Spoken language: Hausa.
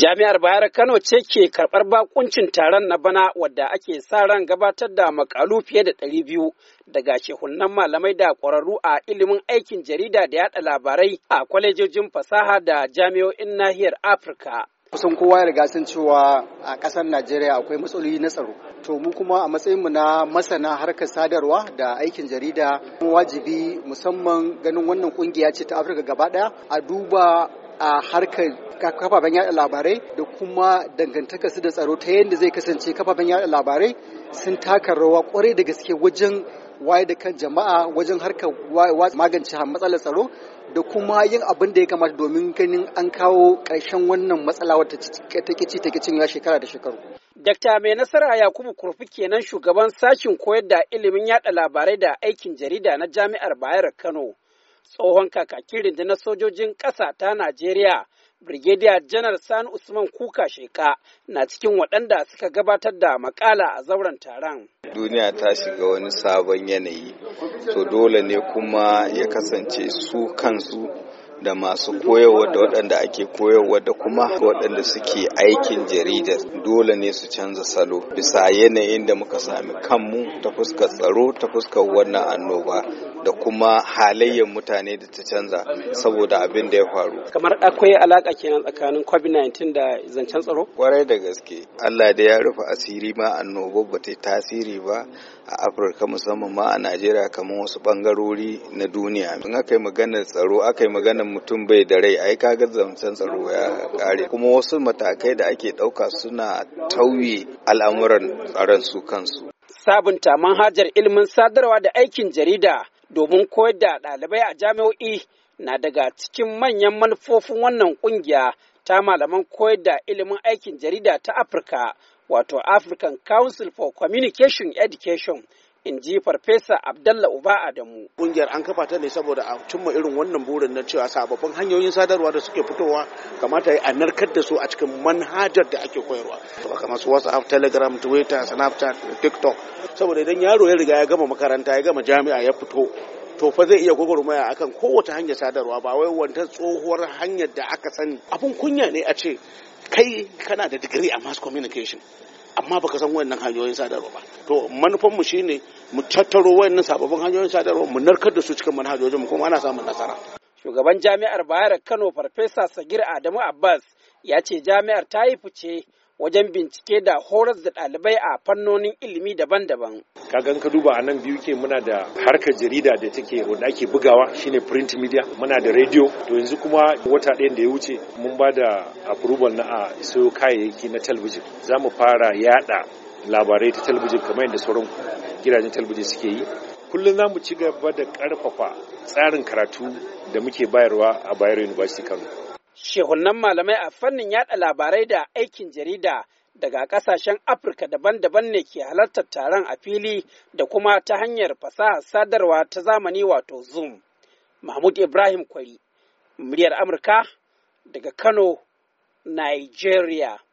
Jami'ar Bayar Kano ce ke karɓar bakuncin taron na bana wadda ake sa ran gabatar da makalu fiye da ɗari biyu daga shehunan malamai da ƙwararru a ilimin aikin jarida da yaɗa labarai a kwalejojin fasaha da jami'o'in nahiyar Afirka. kusan kowa ya riga sun cewa a ƙasar najeriya akwai matsaloli na tsaro to mu kuma a matsayinmu na masana harkar sadarwa da aikin jarida wajibi musamman ganin wannan kungiya ce ta afirka gaba ɗaya a duba a harkar kafafen yada labarai da kuma dangantaka su da tsaro ta yadda zai kasance kafafen yada labarai sun taka rawa kwarai da gaske wajen waye da kan jama'a wajen harkar magance matsalar tsaro da kuma yin abin da ya kamata domin ganin an kawo ƙarshen wannan matsala wata take ci take ya shekara da shekaru. Dr. mai nasara Yakubu Kurfi kenan shugaban sashin koyar da ilimin yada labarai da aikin jarida na Jami'ar Bayar Kano. Tsohon kakakin rundunar sojojin ƙasa ta Najeriya Brigadier Janar san Usman Kuka Sheka na cikin waɗanda suka gabatar da makala a zauren taron. Duniya ta shiga wani sabon yanayi, to dole ne kuma ya kasance su kansu da masu koyarwa da waɗanda ake koyarwa da kuma waɗanda suke aikin jarida. dole ne su canza salo bisa yanayin da muka sami kanmu ta fuskar tsaro ta fuskar wannan annoba da kuma halayyar mutane da ta canza saboda abin da ya faru. Kamar akwai alaka kenan tsakanin COVID-19 da zancen tsaro? Kwarai da gaske. Allah da ya rufe asiri ma annoba ba ta tasiri ba a Afirka musamman ma a Najeriya kamar wasu bangarori na duniya. In aka yi maganar tsaro aka yi maganar idan mutum bai da rai ai kaga zancen tsaro ya kare kuma wasu matakai da ake ɗauka suna tauye al'amuran tsaron su kansu sabunta manhajar ilimin sadarwa da aikin jarida domin koyar da ɗalibai a jami'o'i na daga cikin manyan manufofin wannan ƙungiya ta malaman koyar da ilimin aikin jarida ta afirka wato african council for communication education in ji farfesa abdalla uba adamu kungiyar an kafa ta ne saboda a cimma irin wannan burin na cewa sababbin hanyoyin sadarwa da suke fitowa kamata a narkar da su a cikin manhajar da ake koyarwa kamar su whatsapp telegram twitter snapchat tiktok saboda idan yaro ya riga ya gama makaranta ya gama jami'a ya fito to fa zai iya gwagwarmaya a kan kowace hanyar sadarwa ba wai wata tsohuwar hanyar da aka sani abun kunya ne a ce kai kana da digiri a mass communication amma baka san wayannan hanyoyin sadarwa ba to manufanmu mu shine mu tattaro wayannan sababbin hanyoyin sadarwa mu narkar da su cikin manhajojin mu kuma ana samun nasara shugaban jami'ar bayar kano farfesa sagir adamu abbas ya ce jami'ar ta yi fice wajen bincike da horas da ɗalibai a fannonin ilimi daban-daban. Ka gan ka duba a nan biyu ke muna da harkar jarida da take wanda ake bugawa shine print media muna da radio to yanzu kuma wata ɗayan da ya wuce mun ba da approval na a iso kayayyaki na talabijin za mu fara yada labarai ta talabijin kamar yadda sauran gidajen talabijin suke yi kullum za mu ci gaba da karfafa tsarin karatu da muke bayarwa a Bayero University Kano. Shehunan malamai a fannin yada labarai da aikin jarida daga kasashen Afirka daban-daban ne ke halartar taron a fili da kuma ta hanyar fasaha, sadarwa ta zamani wato Zoom. Mahmud Ibrahim Kwari, muryar Amurka daga Kano, Nigeria.